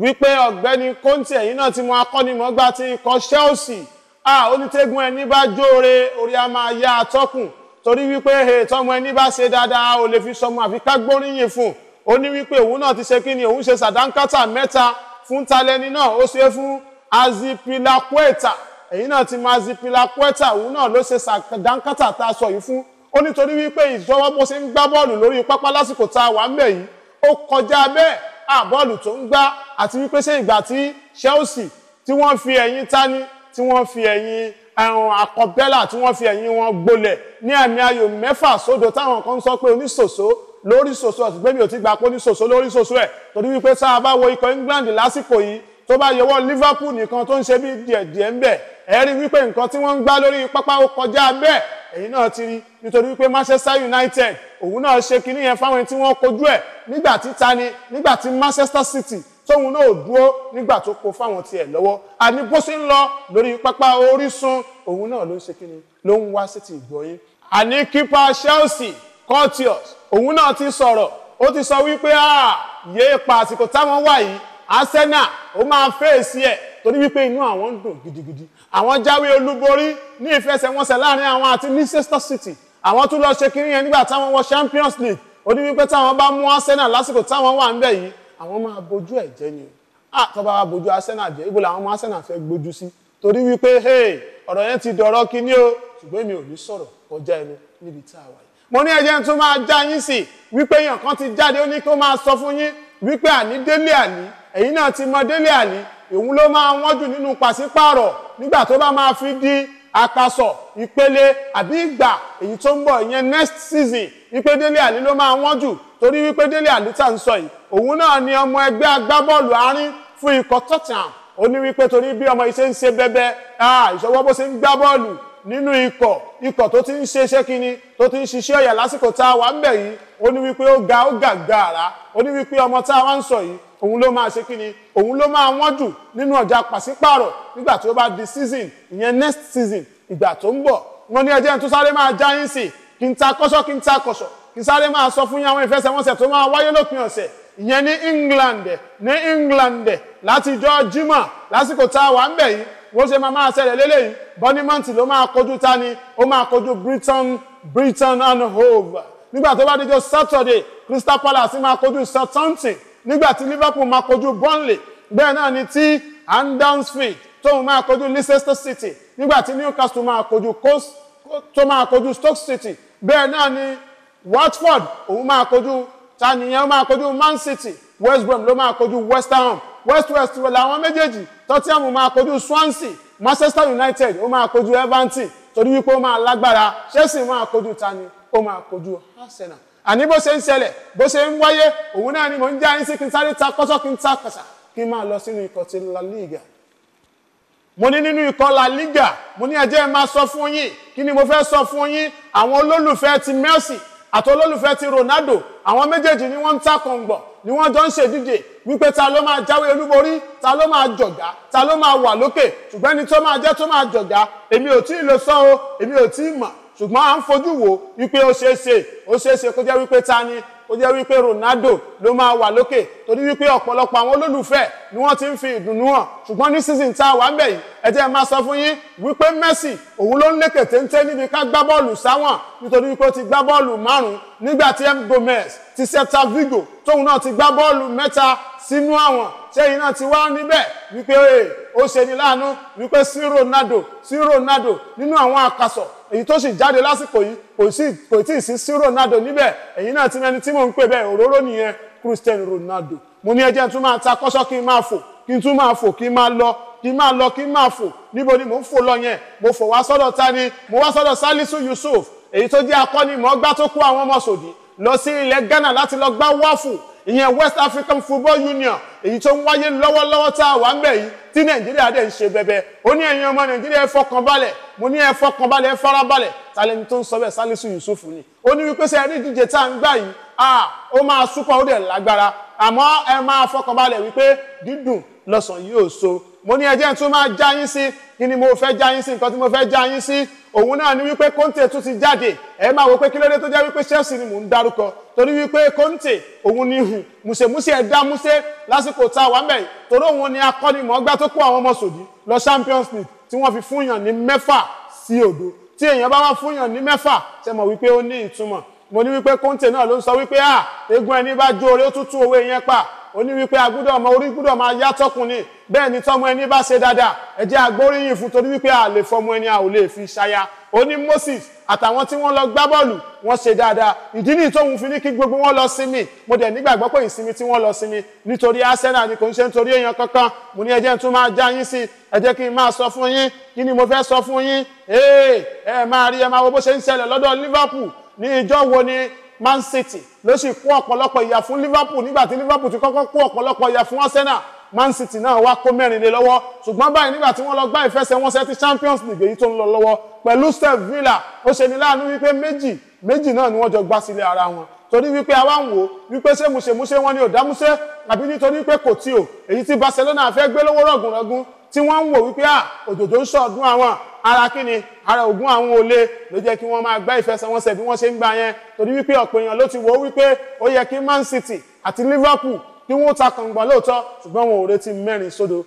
wípé ọ̀gbẹ́ni Conte ẹ̀yìn náà ti mọ akọ́nimọ̀ọ́gbá ti ikọ̀ Chelsea ah onítẹ̀gùn ẹni bá jóore orí a máa yá atọ́kùn torí wípé tọmọ ẹni bá ṣe dáadáa ò lè fi sọmọ àfi ká gbóríyìn fún ó ní wípé òun náà ti ṣe kí ni òun ṣe sàdánkátà mẹ́ta fún talẹ́ni náà ó ṣe fún Azpilicueta ẹ̀yìn náà ti mọ Azpilicueta òun náà ló ṣe sàdánkátà tá a sọ yìí fún ó nítorí wípé ìjọba bó ṣe ń gbá bọ́ọ̀lù lórí pápá lásìkò tá a wà ń bẹ̀ yìí ó kọjá bẹ́ẹ̀ àbọ́ọ̀lù ah, tó ń gbá àti wípé ṣé ìgbà tí Chelsea tí wọ́n fi ẹ̀yìn tání tí wọ́n fi ẹ̀yìn ẹ̀hún àkọ́bẹ́là tí wọ́n fi ẹ̀yìn wọn gbolẹ̀ ní àmì ayò mẹ́fà sódò táwọn kan sọ pé oníṣòṣó lórí ṣòṣó ọ̀sùn gbẹ́bí ò ti gbà pé oníṣòṣó lórí ṣòṣó ẹ̀ torí wípé sáà wo ikọ̀ England lásìkò yìí tó bá yọwọ́ Liverpool nìkan tó ń ṣe bí díẹ̀díẹ̀ ń bẹ̀ ẹ rí wípé nǹkan tí wọ́n ń gbá lórí pápá ó kọjá bẹ́ẹ̀ èyí náà ti rí nítorí wípé Manchester United òun náà ṣe kinní yẹn fáwọn tí wọ́n kojú ẹ̀ nígbà tí tani nígbà tí Manchester City tóun náà dúró nígbà tó kó fáwọn tiẹ̀ lọ́wọ́ àní bó ṣe ń lọ lórí pápá Orísun òun náà ló ń ṣe kíni ló ń wá sí ti ìgbọ̀yìn. àní kípa Chelsea Courtois òun náà ti sọ̀rọ̀ ó ti sọ wípé ah, yéé pa àsìkò táwọn wà yìí Arsenal ó máa fèsì ẹ̀ torí wípé inú àwọn ń dùn gidigidi àwọn jáwé olúborí ní ìfẹsẹ̀wọnsẹ̀ láàrin àwọn àti Leicester City àwọn tún lọ ṣe kiri yẹn nígbà táwọn wọ Champions League ó ní wípé táwọn bá mú Arsenal lásìkò táwọn wà ń bẹ̀ yìí àwọn máa bojú ẹ̀ jẹ́ ni o àtọ́ba wa bojú Arsenal jẹ́ ibo làwọn ọmọ Arsenal fẹ́ gbójú sí torí wípé ọ̀rọ̀ yẹn ti dọ̀rọ̀ kíní o ṣùgbọ́n èmi ò ní sọ̀rọ̀ kọjá ẹnu níbi tá a wà yìí mo ní ẹjẹ́ tún máa já yín sí wípé èèyàn kan ti jáde ó ní kó máa sọ fún yín wípé àní délé àní ẹ̀yin náà ti mọ Délé Àlì òun ló máa wọ́n jù nínú pàṣípààrọ̀ nígbà tó bá máa fi di àpasọ̀ ìpele àbí ìgbà èyí tó ń bọ̀ ìyẹn next season wípé Délé Àlì ló máa wọ́n jù torí wípé Délé Àlì tà ń sọ yìí òun náà ni ọmọ ẹgbẹ́ agbábọ́ọ̀lù àárín fún ikọ̀ Tottenham ó ní wípé torí bí ọmọ iṣẹ́ ń ṣe bẹ́bẹ́ ìṣọwọ́ bó ṣe ń gbá bọ́ọ̀lù nínú ikọ̀ ikọ̀ tó ti ń ṣe iṣẹ́ kínní tó ti ń ṣiṣẹ́ ọ̀yà lásìkò tá a wà ń bẹ̀ yìí ó ní wípé ó ga ó gàgàrà ó ní wípé ọmọ tá a wá ń sọ yìí òun ló máa ṣe kí ni òun ló máa wọ́n jù nínú ọjà pàṣípààrọ̀ nígbà tí ó bá di season ìyẹn next season ìgbà tó ń bọ̀ wọ́n ní ẹjẹ́ tó sáré máa já yín sí kí n ta kọ́ṣọ́ kí n ta kọ́ṣọ́ kí n sáré máa sọ fún yín àwọn ìfẹsẹ̀wọnsẹ̀ tó máa wáyé lópin ọ̀sẹ̀ ìyẹn ní England ní England láti ìjọ Jímọ̀ lásìkò tá a wà ń bẹ̀ yìí wọ́n ṣe máa máa ṣẹlẹ̀ lélẹ́yìn Bournemouth ló máa kojú ta ni ó máa kojú Brighton Brighton and Hove nígbà tó bá dijọ́ Saturday Crystal Palace máa kojú Southampton nígbà tí Liverpool máa kojú Burnley bẹ́ẹ̀ náà ni tí Andansfield tóun máa kojú Leicester City nígbà tí Newcastle máa kojú Coast tó máa kojú Stoke City bẹ́ẹ̀ náà ni Watford òun máa kojú tanìyàn máa kojú Man City West Brom ló máa kojú West Ham West West làwọn méjèèjì Tottenham máa kojú Swansea Manchester United ó máa kojú Everton torí wípé ó máa lágbára Chelsea máa kojú tani ó máa kojú Arsenal àní bó ṣe ń ṣẹlẹ̀ bó ṣe ń wáyé òun náà ni mò ń já yín sí kí n sáré ta kọ́sọ́ kí n ta kàṣà kí n máa lọ sínú ikọ̀ ti La Liga mo ní nínú ikọ̀ La Liga mo ní ẹ jẹ́ máa sọ fún yín kí ni mo fẹ́ sọ fún yín àwọn olólùfẹ́ ti Messi àti olólùfẹ́ ti Ronaldo àwọn méjèèjì ni wọ́n ń ta kọ̀ǹgbọ̀ ni wọ́n jọ ń ṣèdíje wípé ta ló máa jáwé olúborí ta ló máa jọ̀gá ta ló máa wà lókè ṣùgbọ́n ẹni tó máa jẹ́ tó máa jọ̀gá èmi ò tí ì lè sọ o èmi ò tí ì mọ̀ ṣùgbọ́n à ń fojú wo wípé ó ṣeé ṣe ó ṣeé ṣe kó jẹ́ wípé ta ni ó jẹ́ wípé Ronaldo ló máa wà lókè torí wípé ọ̀pọ̀lọpọ̀ àwọn olólùfẹ́ ni wọ́n ti ń fi ìdùnnú hàn ṣùgbọ́n ní season tá a wà ń bẹ̀ yìí ẹ jẹ́ máa sọ fún yín wípé Messi òun ló ń lékè téńté níbi ká gbá bọ́ọ̀lù sáwọ̀n nítorí wípé ó ti gbá bọ́ọ̀lù márùn-ún nígbà tí M Gomez ti Celta Vigo tóun náà ti gbá bọ́ọ̀lù mẹ́ta sínú àwọn sẹ́yìn náà ti wá níbẹ̀ wípé ó ṣe ni láàánú wípé sí Ronaldo sí Ronaldo nínú àwọn àkàsọ̀ èyí tó sì jáde lásìkò yìí kò sí kò tí ì sí sí Ronaldo níbẹ̀ èyí náà ti mẹni tí mò ń pè bẹ́ẹ̀ òróró nìyẹn Cristiano Ronaldo mo ní ẹjẹ́ tún máa ta kọ́sọ́ kí n máa fò kí n tún máa fò kí n máa lọ kí n máa lọ kí n máa fò níbo ni mò ń fò lọ yẹn mo fò wá sọ́dọ̀ ta ni mo wá sọ́dọ̀ Salisu Yusuf èyí tó jẹ́ akọ́nimọ̀ọ́gbá tó kó àwọn ọmọ sòdì lọ sí ilẹ̀ Ghana láti lọ gbá wáfù ìyẹn West African Football Union èyí tó ń wáyé lọ́wọ́lọ́wọ́ tá a wà ń bẹ̀ yìí tí Nàìjíríà dẹ̀ ń ṣe bẹ̀bẹ̀ ó ní ẹ̀yin ọmọ Nàìjíríà ẹ fọkàn balẹ̀ mo ní ẹ fọkànbalẹ̀ ẹ farabalẹ̀ talẹni tó ń sọ bẹ́ẹ̀ Salisu Yusuf ni ó ní wípé sẹ ẹrí ìdíje tá à ń gbà yìí ó máa súpọ̀ ó dẹ̀ lágbára àmọ́ ẹ máa fọkànbalẹ̀ wípé dídùn lọ́sàn yìí ò so mo ní ẹjẹ́ tún máa já yín sí kí ni mo fẹ́ já yín sí nǹkan tí mo fẹ́ já yín sí òun náà ni wípé Conte tún ti jáde ẹ máa wo pé kí ló dé tó jẹ́ wípé Chelsea ni mò ń dárúkọ torí wípé Conte òun ni hù mùsèmùsè ẹ̀dá músé lásìkò tá a wà ń bẹ̀ torí òun ni akọ́nimọ̀ọ́gbá tó kó àwọn ọmọ sòdí lọ Champions League tí wọ́n fi fúnyàn ní mẹ́fà sí òdo tí èèyàn bá wá fúnyàn ní mẹ́fà ṣe mọ̀ wípé ó ní ìtumọ̀ mo ní wípé kóńtè náà ló ń sọ wípé à ah, eégún ẹni bá jó orí ó tútù owó yẹn pa ó ní wípé agúdọ̀ ọmọ orí gbúdọ̀ máa yá tọkùn ni bẹ́ẹ̀ ni tọmọ ẹni bá ṣe dáadáa ẹ jẹ́ agbóríyìn fún torí wípé a lè fọmọ ẹni a ò lè fi ṣaya ó Moses àtàwọn tí wọ́n lọ gbá bọ́ọ̀lù wọ́n ṣe dáadáa ìdí nìyí tóun fi ní kí gbogbo wọn lọ sinmi mo dẹ̀ nígbàgbọ́ pé ìsinmi tí wọ́n lọ sinmi nítorí Arsenal ni kò ń ṣe nítorí èèyàn kankan mo ní ẹ jẹ́ n tún máa já yín sí ẹ jẹ́ kí n máa sọ fún yín kí ni mo fẹ́ sọ fún yín ẹ máa rí ẹ máa wo bó ṣe ń ṣẹlẹ̀ lọ́dọ̀ Liverpool ní ìjọ́ wo ni Man City ló sì kó ọ̀pọ̀lọpọ̀ ìyà fún Liverpool nígbà Liverpool ti kọ́kọ́ kó ọ̀pọ̀lọpọ̀ ìyà fún Arsenal Man City náà wá kó mẹ́rin lé lọ́wọ́ ṣùgbọ́n báyìí nígbà tí wọ́n lọ gbá ìfẹsẹ̀wọnsẹ̀ ti Champions League èyí tó ń lọ lọ́wọ́ pẹ̀lú Steve Villa ó ṣe ní láàánú wípé méjì méjì náà ni wọ́n jọ gbá sílé ara wọn torí wípé a wá ń wò wípé ṣé mùṣemúṣe wọn ni ò dámúṣe àbí nítorí pé kò tí ò èyí tí Barcelona fẹ́ gbé lọ́wọ́ rọ̀gùnrọ̀gùn tí wọ́n ń wò wípé à ah, òjòjò ń sọ̀dún àwọn ara kí ni ara ògún àwọn olè ló jẹ́ kí wọ́n máa gbá ìfẹsẹ̀wọnsẹ̀ bí wọ́n ṣe ń gbà yẹn torí wípé ọ̀pọ̀ èèyàn ló ti wò ó wípé ó yẹ kí Man City àti Liverpool kí wọ́n ta kàngbọ̀n lóòótọ́ ṣùgbọ́n wọn ò retí mẹ́rin sódò